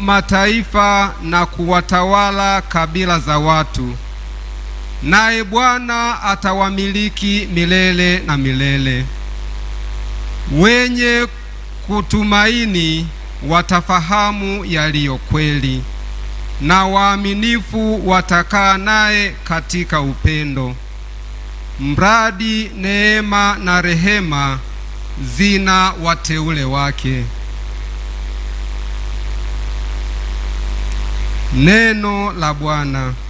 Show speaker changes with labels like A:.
A: mataifa na kuwatawala kabila za watu, naye Bwana atawamiliki milele na milele. Wenye kutumaini watafahamu yaliyo kweli, na waaminifu watakaa naye katika upendo, mradi neema na rehema zina wateule wake. Neno la Bwana.